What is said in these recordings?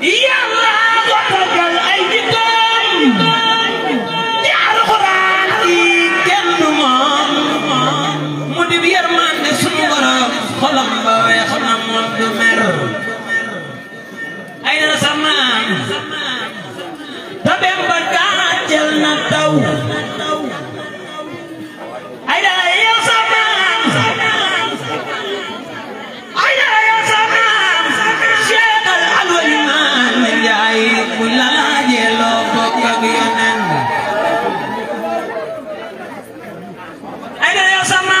Yalla!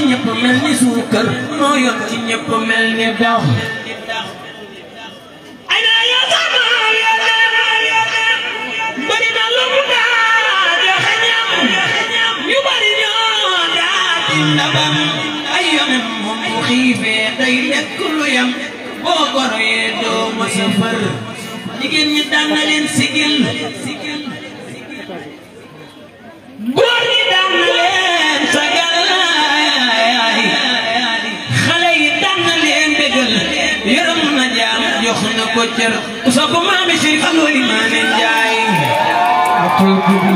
ci ñëpp mel ni suukar moo yor ci ñëpp mel ni daw ndabam ay yamem moom bu xiifee day lekk lu yam boo goroyee doo mos a far jigéen ñi daan na leen sigil Thank you.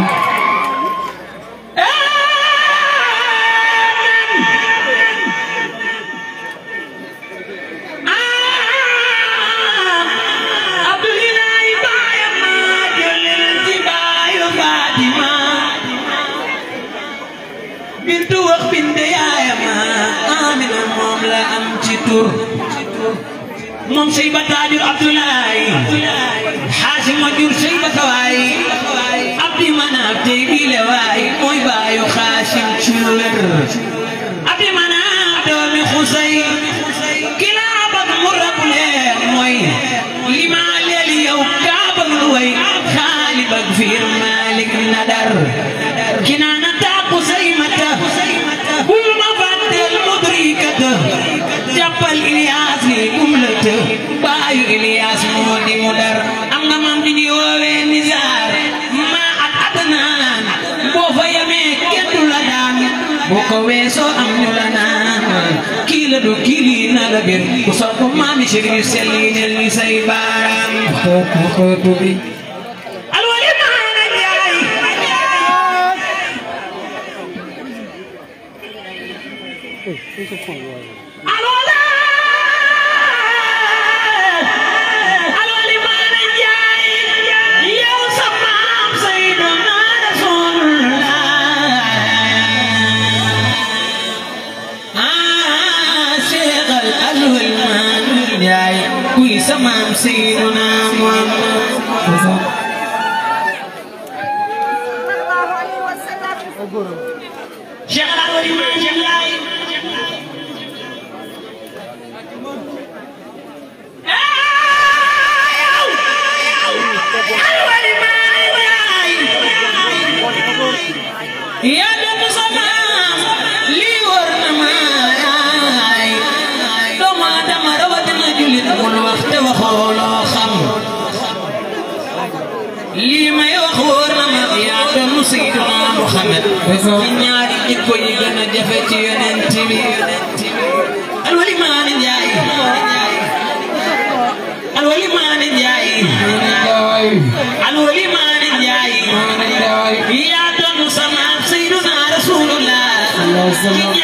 Ilias moo di mu dar am na maam ju ñuy woowee Nizaar maa ak Adnaan boo fa yamee kenn du la daan boo ko weesoo am ñu la naan kii la doo kii lii na la bir ku sopp maami si ñu sell yi nel ni say baaraam xóotu bi Who's the point ci ñaari jikko yi gën a jafe ci yonent bi alwali maani njaay alwali maani njaay alwali maani njaay yaa doon sama sayyiduna rasulullah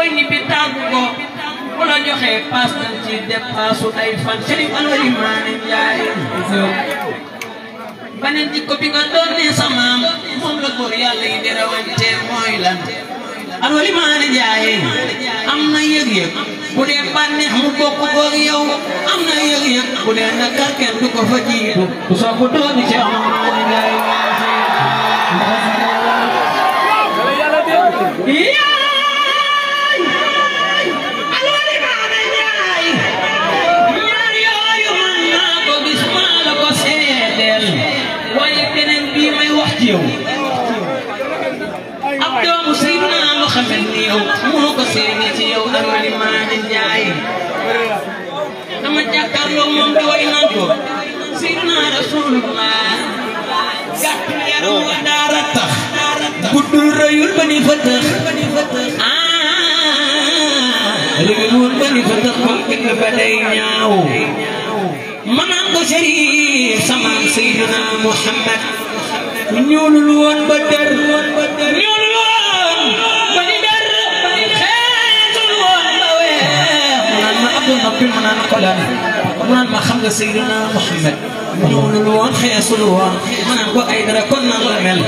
mooy ñibbi tàggu ko bu la joxee paas nañ ci dépasse ay fan Chérif Alwali Maane Njaay beneen jikko bi nga doonee sa maam moom la góor yàlla yi di rawante mooy bu dee bànneex mu bokk koog na nakar du ko fa jiitu bu yow moo ko seeni ci yow amari maane njaay dama jàkkaarloo moom di way naan ko sayyidina rasulullah gàtt yaram wa daara tax guddul rëyul ba ni fa tax rëyul ba ni fa tax kon kenn ba day ñaaw ma naan ko sharif sama sayyidina muhammad ñuulul woon ba der ñuul dund ak bil mën naan ko laal mu naan ma xam nga Seydina Muhammad ñëwulul woon xeesul woon ma naan ko ay dara kon naan la mel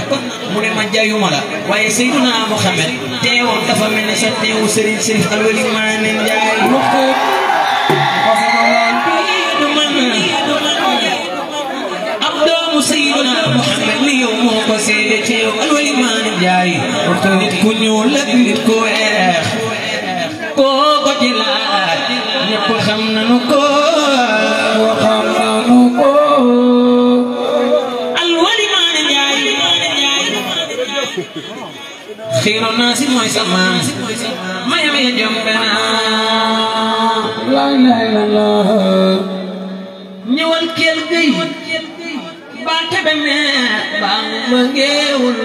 mu ne ma jayuma la waaye Seydina Muhammad teewoon dafa mel ne sa teewu Serigne Serif Alwali maa ne Njaay mukk سيدنا محمد اليوم هو سيدتي الولي ما نجاي وقت نتكون يولد نتكون xiiroon naa si mooy sama mayam ya jombe naa laa ilaaha illallaah ñëwal keel gay ba tebe nee ba ma ngeewul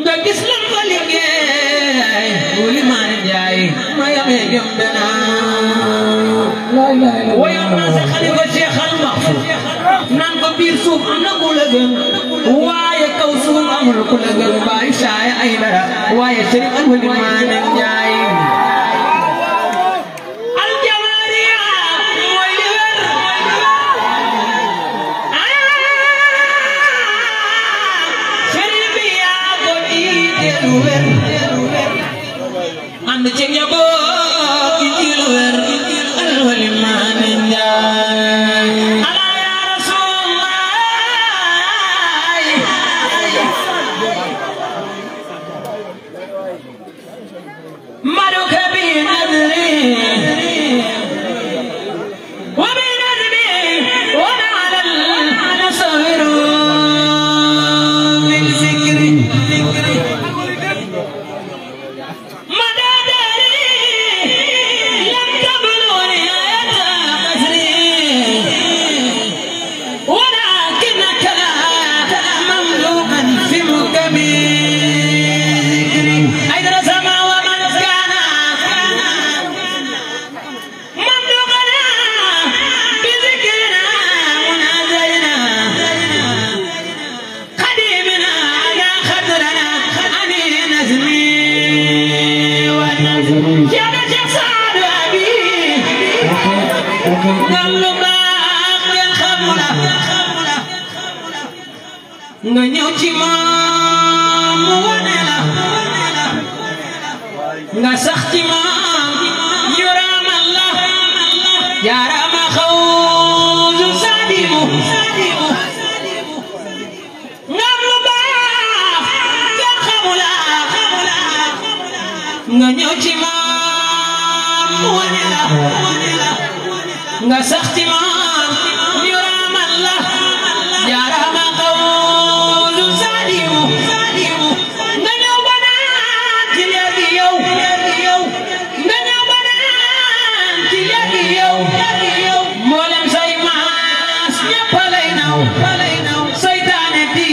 nga gis lan ma liggéey wuli maa njaay mayam ya jombe naa wayoon naa sa xalifa Cheikh Al Mahfouz biir suuf am na ku la gën waaye kaw suuf amul ku la gën bàyyi saaya ay dara waaye sëriñ Alwali Maane Njaay and ci njaboot ci lu wér Amin. nga sax ci moom yurama allah yarama xawsu sadibu ngam lu baax nga xamula nga ñëw ci moom wane la nga sax ci moom lay naw seytaane di